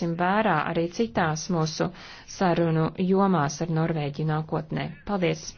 ņemsim vērā arī citās mūsu sarunu jomās ar Norvēģiju nākotnē. Paldies!